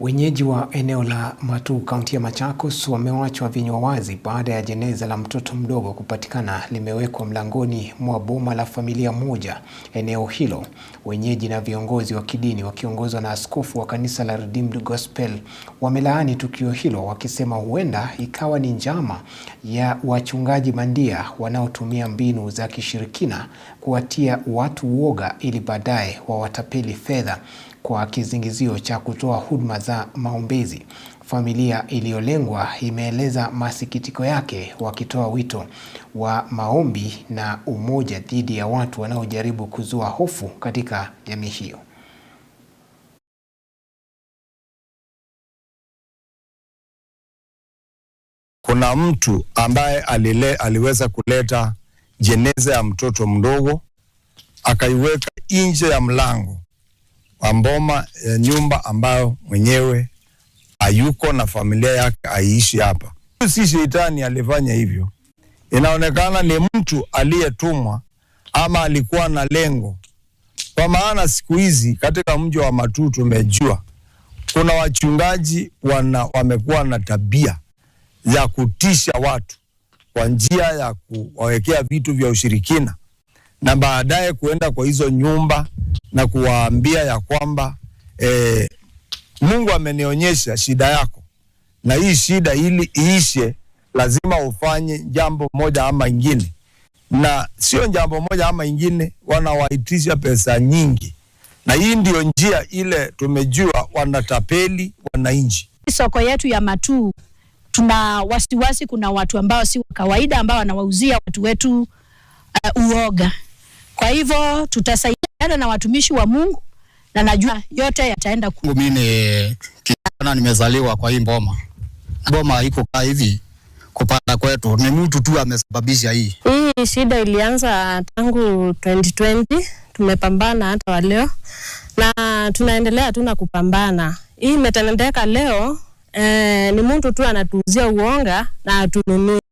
Wenyeji wa eneo la matu kaunti ya Machakos wamewachwa vinywa wazi baada ya jeneza la mtoto mdogo kupatikana limewekwa mlangoni mwa boma la familia moja eneo hilo. Wenyeji na viongozi wa kidini wakiongozwa na askofu wa kanisa la Redeemed Gospel wamelaani tukio hilo wakisema huenda ikawa ni njama ya wachungaji bandia wanaotumia mbinu za kishirikina kuwatia watu uoga ili baadaye wawatapeli fedha kwa kisingizio cha kutoa huduma za maombezi. Familia iliyolengwa imeeleza masikitiko yake wakitoa wito wa maombi na umoja dhidi ya watu wanaojaribu kuzua hofu katika jamii hiyo. Kuna mtu ambaye alile, aliweza kuleta jeneza ya mtoto mdogo akaiweka nje ya mlango wa Mboma ya nyumba ambayo mwenyewe hayuko na familia yake haiishi hapa. Si sheitani alifanya hivyo, inaonekana ni mtu aliyetumwa ama alikuwa na lengo, kwa maana siku hizi katika mji wa Matutu tumejua kuna wachungaji wana wamekuwa na tabia ya kutisha watu kwa njia ya kuwawekea vitu vya ushirikina na baadaye kuenda kwa hizo nyumba na kuwaambia ya kwamba eh, Mungu amenionyesha shida yako, na hii shida ili iishe lazima ufanye jambo moja ama ingine, na sio jambo moja ama ingine, wanawaitisha pesa nyingi, na hii ndio njia ile tumejua wanatapeli wananchi. Soko yetu ya Matuu tuna wasiwasi, kuna watu ambao si wa kawaida ambao wanawauzia watu wetu uh, uoga. Kwa hivyo tutasaidia nimependana na watumishi wa Mungu na najua yote yataenda. Mimi ni kijana, nimezaliwa kwa hii Mboma. Mboma iko kaa hivi, kupanda kwetu ni mtu tu amesababisha hii hii shida. Ilianza tangu 2020 tumepambana hata wa leo na tunaendelea tu na kupambana. Hii imetendeka leo eh, ni mtu tu anatuuzia uonga na atununue